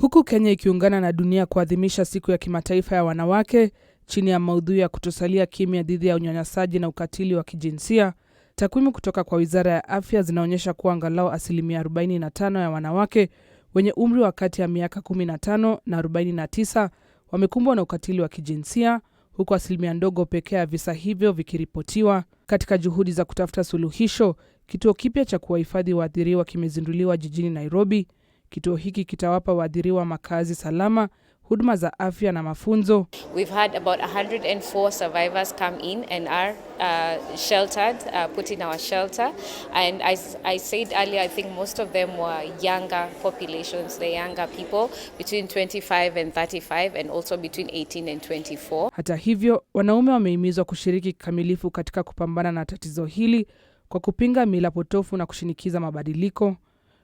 Huku Kenya ikiungana na dunia kuadhimisha siku ya kimataifa ya wanawake chini ya maudhui ya kutosalia kimya dhidi ya unyanyasaji na ukatili wa kijinsia, takwimu kutoka kwa Wizara ya Afya zinaonyesha kuwa angalau asilimia 45 ya wanawake wenye umri wa kati ya miaka 15 na 49 wamekumbwa na ukatili wa kijinsia, huku asilimia ndogo pekee ya visa hivyo vikiripotiwa. Katika juhudi za kutafuta suluhisho, kituo kipya cha kuwahifadhi waathiriwa kimezinduliwa jijini Nairobi Kituo hiki kitawapa waathiriwa makazi salama, huduma za afya na mafunzo. We've had about 104 survivors come in and are uh, sheltered, uh, put in our shelter. And I, I said earlier, I think most of them were younger populations, the younger people between 25 and 35 and also between 18 and 24. Hata hivyo, wanaume wamehimizwa kushiriki kikamilifu katika kupambana na tatizo hili kwa kupinga mila potofu na kushinikiza mabadiliko.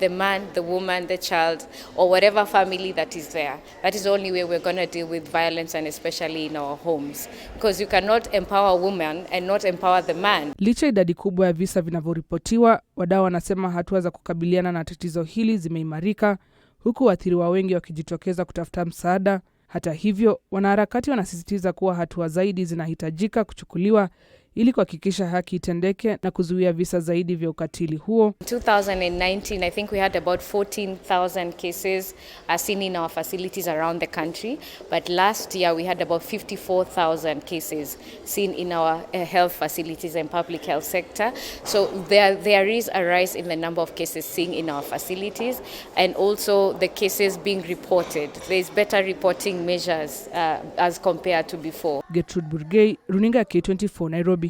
the man, the woman, the child, or whatever family that is there. That is the only way we're going to deal with violence and especially in our homes. Because you cannot empower women and not empower the man. Licha idadi kubwa ya visa vinavyoripotiwa, wadau wanasema hatua za kukabiliana na tatizo hili zimeimarika huku waathiriwa wengi wakijitokeza kutafuta msaada. Hata hivyo, wanaharakati wanasisitiza kuwa hatua zaidi zinahitajika kuchukuliwa ili kuhakikisha haki itendeke na kuzuia visa zaidi vya ukatili huo. 2019, I think we had about 14,000 cases uh, seen in our facilities around the country, but last year we had about 54,000 cases seen in our uh, health facilities and public health sector. So there, there is a rise in the number of cases seen in our facilities and also the cases being reported. There is better reporting measures uh, as compared to before. Gertrude Runinga K24, Nairobi.